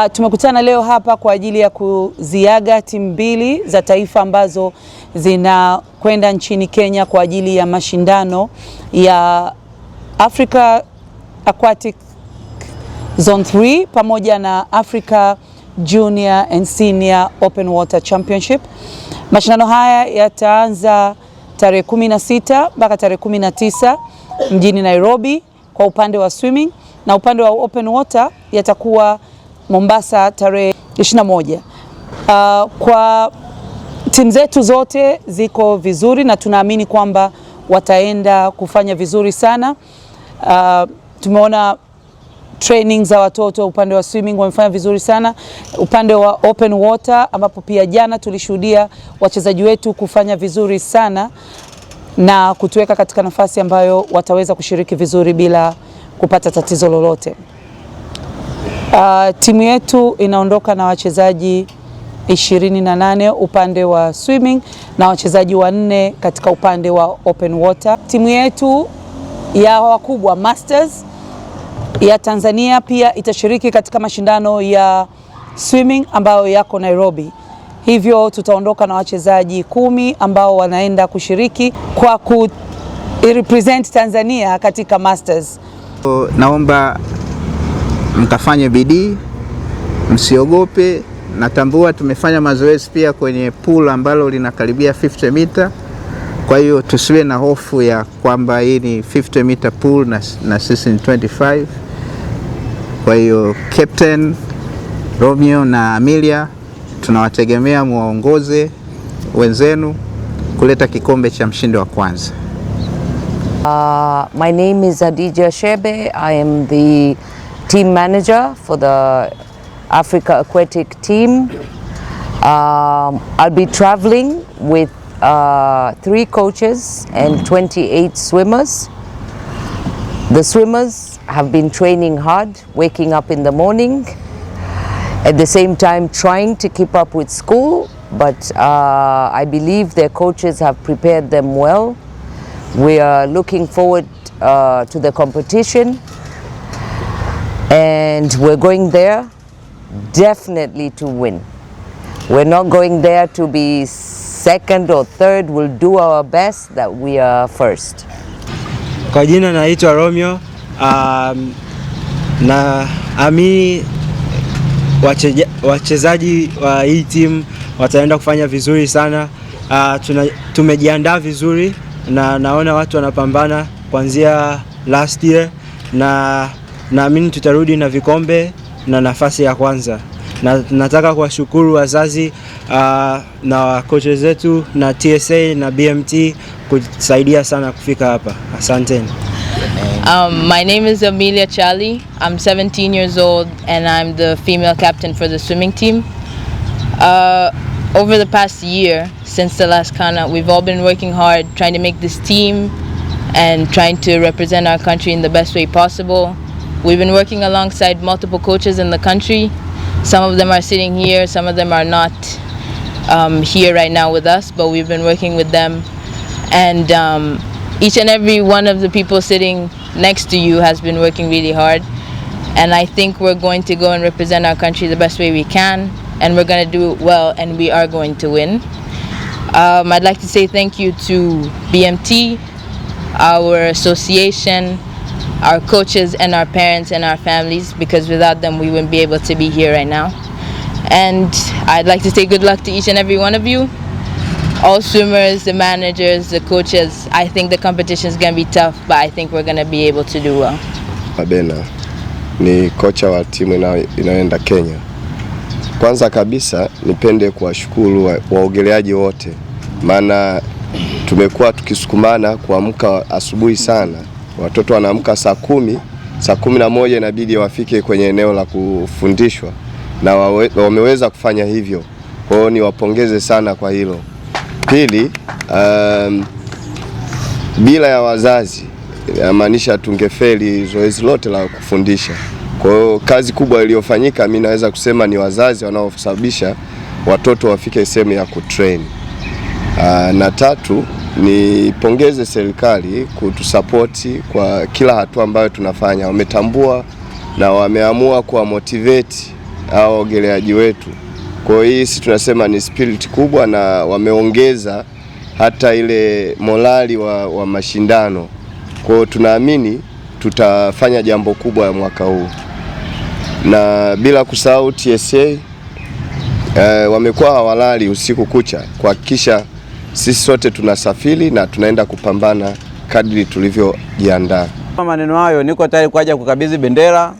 Uh, tumekutana leo hapa kwa ajili ya kuziaga timu mbili za taifa ambazo zinakwenda nchini Kenya kwa ajili ya mashindano ya Africa Aquatic Zone 3 pamoja na Africa Junior and Senior Open Water Championship. Mashindano haya yataanza tarehe 16 mpaka tarehe 19 mjini Nairobi kwa upande wa swimming na upande wa open water yatakuwa Mombasa tarehe 21. Uh, kwa timu zetu zote ziko vizuri na tunaamini kwamba wataenda kufanya vizuri sana. Uh, tumeona training za watoto upande wa swimming wamefanya vizuri sana, upande wa open water ambapo pia jana tulishuhudia wachezaji wetu kufanya vizuri sana na kutuweka katika nafasi ambayo wataweza kushiriki vizuri bila kupata tatizo lolote. Uh, timu yetu inaondoka na wachezaji 28 upande wa swimming na wachezaji wanne katika upande wa open water. Timu yetu ya wakubwa masters ya Tanzania pia itashiriki katika mashindano ya swimming ambayo yako Nairobi. Hivyo tutaondoka na wachezaji kumi ambao wanaenda kushiriki kwa ku represent Tanzania katika masters. Naomba mkafanye bidii, msiogope. Natambua tumefanya mazoezi pia kwenye pool ambalo linakaribia 50 mita, kwa hiyo tusiwe na hofu ya kwamba hii ni 50 mita pool na, na sisi ni 25. Kwa hiyo Captain Romeo na Amelia tunawategemea muwaongoze wenzenu kuleta kikombe cha mshindi wa kwanza. Uh, my name is Adija Shebe. I am the team manager for the Africa Aquatic team. Um, I'll be traveling with uh, three coaches and 28 swimmers. The swimmers have been training hard, waking up in the morning, at the same time trying to keep up with school, but uh, I believe their coaches have prepared them well. We are looking forward uh, to the competition. and we're going there definitely to win. We're not going there to be second or third. We'll do our best that we are first. Kwa jina naitwa Romeo. Um, na amini ah, wachezaji wa hii timu wataenda kufanya vizuri sana. Uh, tuna, tumejiandaa vizuri na naona watu wanapambana kuanzia last year na naamini tutarudi na vikombe na nafasi ya kwanza. Na, nataka kuwashukuru wazazi uh, na kocha zetu na TSA na BMT kusaidia sana kufika hapa. Asanteni. Um, my name is Amelia Chali. I'm 17 years old and I'm the female captain for the swimming team. Uh, over the past year since the last Kana, we've all been working hard trying to make this team and trying to represent our country in the best way possible. We've been working alongside multiple coaches in the country. Some of them are sitting here, some of them are not um, here right now with us, but we've been working with them. And um, each and every one of the people sitting next to you has been working really hard. And I think we're going to go and represent our country the best way we can, and we're going to do it well, and we are going to win. Um, I'd like to say thank you to BMT, our association, our coaches and our parents and our families because without them we wouldn't be able to be here right now. And I'd like to say good luck to each and every one of you. All swimmers, the managers, the coaches. I think the competition is going to be tough, but I think we're going to be able to do well. Abena ni kocha wa timu ina, inayoenda Kenya. Kwanza kabisa nipende kuwashukuru waogeleaji wa wote, maana tumekuwa tukisukumana kuamka asubuhi sana watoto wanaamka saa kumi, saa kumi na moja inabidi wafike kwenye eneo la kufundishwa na wawe, wameweza kufanya hivyo. Kwa hiyo niwapongeze sana kwa hilo. Pili, um, bila ya wazazi inamaanisha tungefeli zoezi lote la kufundisha. Kwa hiyo kazi kubwa iliyofanyika, mi naweza kusema ni wazazi wanaosababisha watoto wafike sehemu ya kutrain. Uh, na tatu Nipongeze serikali kutusapoti kwa kila hatua ambayo tunafanya. Wametambua na wameamua kuwa motivate hao waogeleaji wetu. Kwa hii si tunasema ni spirit kubwa, na wameongeza hata ile morali wa, wa mashindano. Kwa hiyo tunaamini tutafanya jambo kubwa ya mwaka huu, na bila kusahau TSA eh, wamekuwa hawalali usiku kucha kuhakikisha sisi sote tunasafiri na tunaenda kupambana kadri tulivyojiandaa. Maneno hayo, niko tayari kuja kukabidhi bendera